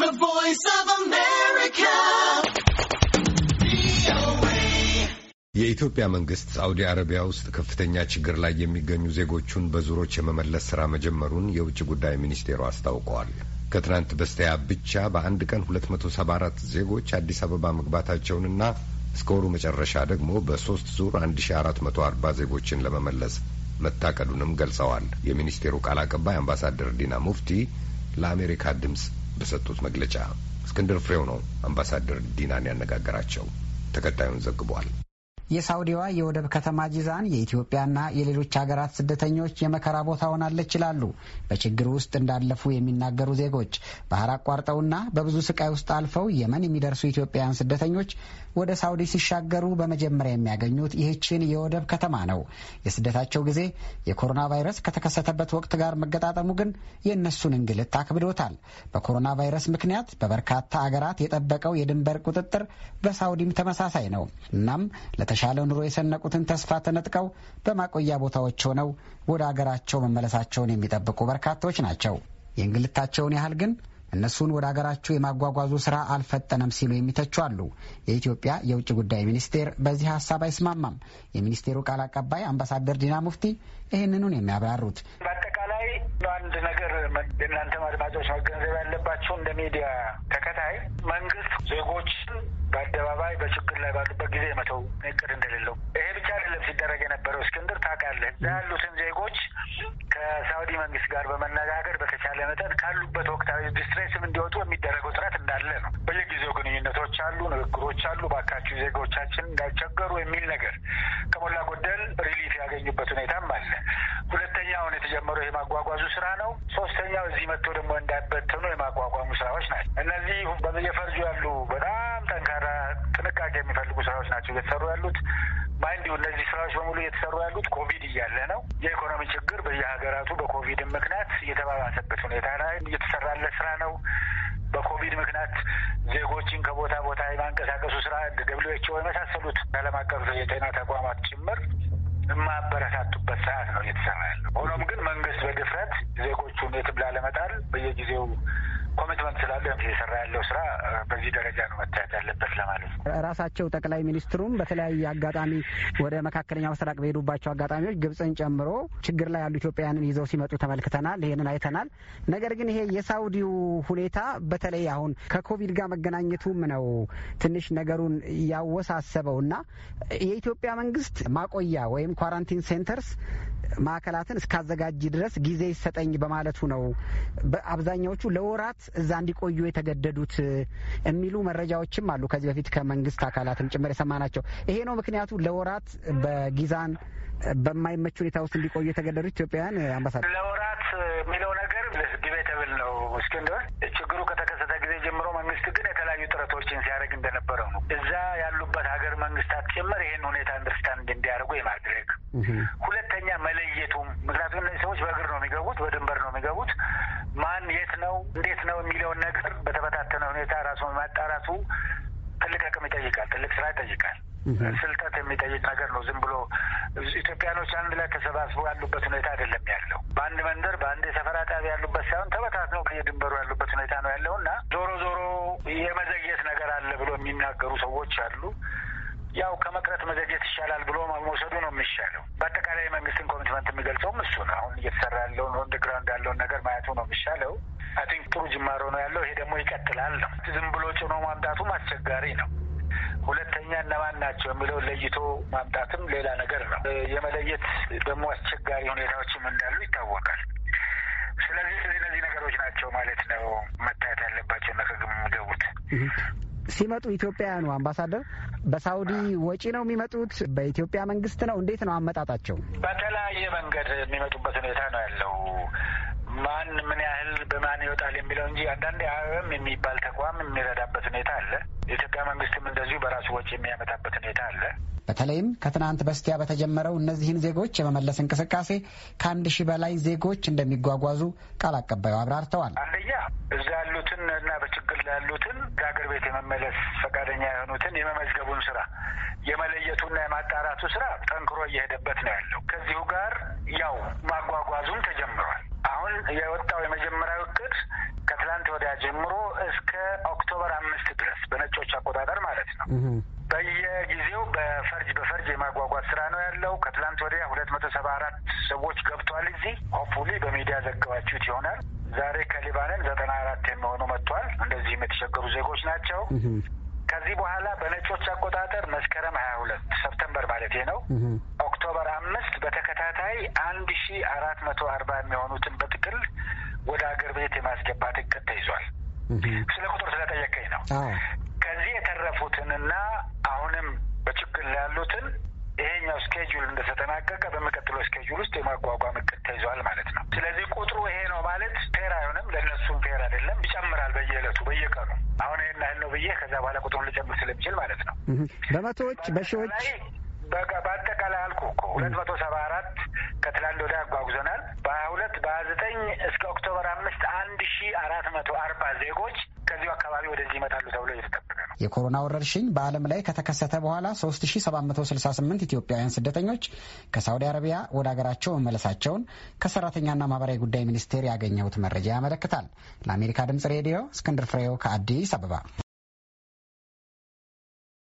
The Voice of America. የኢትዮጵያ መንግስት ሳዑዲ አረቢያ ውስጥ ከፍተኛ ችግር ላይ የሚገኙ ዜጎቹን በዙሮች የመመለስ ሥራ መጀመሩን የውጭ ጉዳይ ሚኒስቴሩ አስታውቀዋል። ከትናንት በስቲያ ብቻ በአንድ ቀን 274 ዜጎች አዲስ አበባ መግባታቸውንና እስከ ወሩ መጨረሻ ደግሞ በሶስት ዙር 1440 ዜጎችን ለመመለስ መታቀዱንም ገልጸዋል። የሚኒስቴሩ ቃል አቀባይ አምባሳደር ዲና ሙፍቲ ለአሜሪካ ድምፅ በሰጡት መግለጫ እስክንድር ፍሬው ነው አምባሳደር ዲናን ያነጋገራቸው። ተከታዩን ዘግቧል። የሳውዲዋ የወደብ ከተማ ጂዛን የኢትዮጵያና የሌሎች ሀገራት ስደተኞች የመከራ ቦታ ሆናለች ይላሉ በችግር ውስጥ እንዳለፉ የሚናገሩ ዜጎች። ባህር አቋርጠውና በብዙ ስቃይ ውስጥ አልፈው የመን የሚደርሱ ኢትዮጵያውያን ስደተኞች ወደ ሳውዲ ሲሻገሩ በመጀመሪያ የሚያገኙት ይህችን የወደብ ከተማ ነው። የስደታቸው ጊዜ የኮሮና ቫይረስ ከተከሰተበት ወቅት ጋር መገጣጠሙ ግን የእነሱን እንግልት አክብዶታል። በኮሮና ቫይረስ ምክንያት በበርካታ አገራት የጠበቀው የድንበር ቁጥጥር በሳውዲም ተመሳሳይ ነው። እናም የተሻለ ኑሮ የሰነቁትን ተስፋ ተነጥቀው በማቆያ ቦታዎች ሆነው ወደ አገራቸው መመለሳቸውን የሚጠብቁ በርካታዎች ናቸው። የእንግልታቸውን ያህል ግን እነሱን ወደ አገራቸው የማጓጓዙ ስራ አልፈጠነም ሲሉ የሚተቹ አሉ። የኢትዮጵያ የውጭ ጉዳይ ሚኒስቴር በዚህ ሀሳብ አይስማማም። የሚኒስቴሩ ቃል አቀባይ አምባሳደር ዲና ሙፍቲ ይህንኑን የሚያብራሩት እናንተም አድማጮች መገንዘብ ያለባቸው እንደ ሚዲያ ተከታይ መንግስት ዜጎችን በአደባባይ በችግር ላይ ባሉበት ጊዜ መተው እቅድ እንደሌለው ይሄ ብቻ አይደለም ሲደረግ የነበረው። እስክንድር ታውቃለህ፣ እዛ ያሉትን ዜጎች ከሳውዲ መንግስት ጋር በመነጋገር በተቻለ መጠን ካሉበት ወቅታዊ ዲስትሬስም እንዲወጡ የሚ በየጊዜው ግንኙነቶች አሉ፣ ንግግሮች አሉ። ባካችሁ ዜጎቻችን እንዳይቸገሩ የሚል ነገር ከሞላ ጎደል ሪሊፍ ያገኙበት ሁኔታም አለ። ሁለተኛውን የተጀመረው የማጓጓዙ ስራ ነው። ሶስተኛው እዚህ መጥቶ ደግሞ እንዳይበተኑ የማቋቋሙ ስራዎች ናቸው። እነዚህ በየፈርጁ ያሉ በጣም ጠንካራ ጥንቃቄ የሚፈልጉ ስራዎች ናቸው እየተሰሩ ያሉት። ማይንድ እነዚህ ስራዎች በሙሉ እየተሰሩ ያሉት ኮቪድ እያለ ነው። የኢኮኖሚ ችግር በየሀገራቱ በኮቪድ ምክንያት እየተባባሰበት ሁኔታ ላይ እየተሰራለ ስራ ነው። በኮቪድ ምክንያት ዜጎችን ከቦታ ቦታ የማንቀሳቀሱ ስራ ደብሊው የመሳሰሉት ዓለም አቀፍ የጤና ተቋማት ጭምር የማበረታቱበት ሰዓት ነው እየተሰራ ያለው። ሆኖም ግን መንግስት በድፍረት ዜጎቹን የትም ላለመጣል በየጊዜው ኮሚትመንት ስላለ እየሰራ ያለው ስራ በዚህ ደረጃ ራሳቸው ጠቅላይ ሚኒስትሩም በተለያየ አጋጣሚ ወደ መካከለኛው ምስራቅ በሄዱባቸው አጋጣሚዎች ግብፅን ጨምሮ ችግር ላይ ያሉ ኢትዮጵያውያንን ይዘው ሲመጡ ተመልክተናል። ይህንን አይተናል። ነገር ግን ይሄ የሳውዲው ሁኔታ በተለይ አሁን ከኮቪድ ጋር መገናኘቱም ነው ትንሽ ነገሩን ያወሳሰበው እና የኢትዮጵያ መንግስት ማቆያ ወይም ኳራንቲን ሴንተርስ ማዕከላትን እስካዘጋጅ ድረስ ጊዜ ይሰጠኝ በማለቱ ነው አብዛኛዎቹ ለወራት እዛ እንዲቆዩ የተገደዱት የሚሉ መረጃዎችም አሉ። ከዚህ በፊት ከመንግስት አካላትም ጭምር የሰማናቸው ይሄ ነው ምክንያቱ ለወራት በጊዛን በማይመች ሁኔታ ውስጥ እንዲቆዩ የተገደዱት ኢትዮጵያውያን አምባሳደር ለወራት የሚለው ነገር ዲቤተብል ነው። እስክንድር ችግሩ ከተከሰተ ጊዜ ጀምሮ መንግስት ግን የተለያዩ ጥረቶችን ሲያደርግ እንደነበረው ነው። እዛ ያሉበት ሀገር መንግስታት ጭምር ይህን ሁኔታ አንደርስታንድ እንዲያደርጉ የማድረግ ይጠይቃል፣ ትልቅ ስራ ይጠይቃል። ስልጠት የሚጠይቅ ነገር ነው። ዝም ብሎ ኢትዮጵያኖች አንድ ላይ ተሰባስበው ያሉበት ሁኔታ አይደለም ያለው። በአንድ መንደር በአንድ የሰፈራ ጣቢያ ያሉበት ሳይሆን ተበታትነው ከየድንበሩ ያሉበት ሁኔታ ነው ያለው እና ዞሮ ዞሮ የመዘግየት ነገር አለ ብሎ የሚናገሩ ሰዎች አሉ። ያው ከመቅረት መዘግየት ይሻላል ብሎ መውሰዱ ነው የሚሻለው። በአጠቃላይ የመንግስትን ኮሚትመንት የሚገልጸውም እሱ ነው። አሁን እየተሰራ ያለውን ኦን ያለውን ነገር ማየቱ ነው የሚሻለው። አይ ቲንክ ጥሩ ጅማሮ ነው ያለው። ይሄ ደግሞ ይቀጥላል ነው። ዝም ብሎ ጭኖ ማምጣቱም አስቸጋሪ ነው። ሁለተኛን ለማን ናቸው የሚለው ለይቶ ማምጣትም ሌላ ነገር ነው። የመለየት ደግሞ አስቸጋሪ ሁኔታዎችም እንዳሉ ይታወቃል። ስለዚህ እነዚህ ነገሮች ናቸው ማለት ነው መታየት ያለባቸው እና ከግብ የሚገቡት ሲመጡ ኢትዮጵያውያኑ አምባሳደር በሳውዲ ወጪ ነው የሚመጡት? በኢትዮጵያ መንግስት ነው? እንዴት ነው አመጣጣቸው? በተለያየ መንገድ የሚመጡበት ሁኔታ ነው ያለው። ማን ምን ያህል በማን ይወጣል የሚለው እንጂ አንዳንዴ ዓለም የሚባል ተቋም የሚረዳበት ሁኔታ አለ። የሚያመጣበት ሁኔታ አለ። በተለይም ከትናንት በስቲያ በተጀመረው እነዚህን ዜጎች የመመለስ እንቅስቃሴ ከአንድ ሺህ በላይ ዜጎች እንደሚጓጓዙ ቃል አቀባዩ አብራርተዋል። አንደኛ እዛ ያሉትን እና በችግር ላሉትን ለሀገር ቤት የመመለስ ፈቃደኛ የሆኑትን የመመዝገቡን ስራ የመለየቱና የማጣራቱ ስራ ጠንክሮ እየሄደበት ነው ያለው። ከዚሁ ጋር ያው ማጓጓዙም ተጀምሯል። አሁን የወጣው የመጀመሪያው እቅድ ከትላንት ወዲያ ጀምሮ እስከ ኦክቶበር አምስት ድረስ በነጮች አቆጣጠር ማለት ነው ሁለት መቶ ሰባ አራት ሰዎች ገብቷል። እዚህ ሆፕፉሊ በሚዲያ ዘግባችሁት ይሆናል። ዛሬ ከሊባንን ዘጠና አራት የሚሆኑ መጥቷል። እንደዚህም የተቸገሩ ዜጎች ናቸው። ከዚህ በኋላ በነጮች አቆጣጠር መስከረም ሀያ ሁለት ሰፕተምበር ማለት ነው ኦክቶበር አምስት በተከታታይ አንድ ሺ አራት መቶ አርባ የሚሆኑትን በጥቅል ወደ አገር ቤት የማስገባት እቅድ ተይዟል። ስለ ቁጥር ስለጠየቀኝ ነው። ከዚህ የተረፉትንና አሁንም በችግር ላይ ያሉትን ስኬጁል እንደተጠናቀቀ በሚቀጥለው ስኬጁል ውስጥ የማጓጓም እቅድ ተይዟል ማለት ነው። ስለዚህ ቁጥሩ ይሄ ነው ማለት ፌር አይሆንም፣ ለእነሱም ፌር አይደለም። ይጨምራል በየዕለቱ በየቀኑ አሁን ይህን ያህል ነው ብዬ ከዛ በኋላ ቁጥሩን ልጨምር ስለሚችል ማለት ነው። በመቶዎች በሺዎች በአጠቃላይ አልኩ እኮ ሁለት መቶ ሰባ አራት ከትላንድ ወዲያ አጓጉዘናል። በሀያ ሁለት በሀያ ዘጠኝ እስከ ኦክቶበር አምስት አንድ ሺ አራት መቶ አርባ ዜጎች ከዚሁ አካባቢ ወደዚህ ይመጣሉ ተብሎ እየተጠበቀ የኮሮና ወረርሽኝ በዓለም ላይ ከተከሰተ በኋላ 3768 ኢትዮጵያውያን ስደተኞች ከሳውዲ አረቢያ ወደ አገራቸው መመለሳቸውን ከሰራተኛና ማህበራዊ ጉዳይ ሚኒስቴር ያገኘሁት መረጃ ያመለክታል። ለአሜሪካ ድምጽ ሬዲዮ እስክንድር ፍሬው ከአዲስ አበባ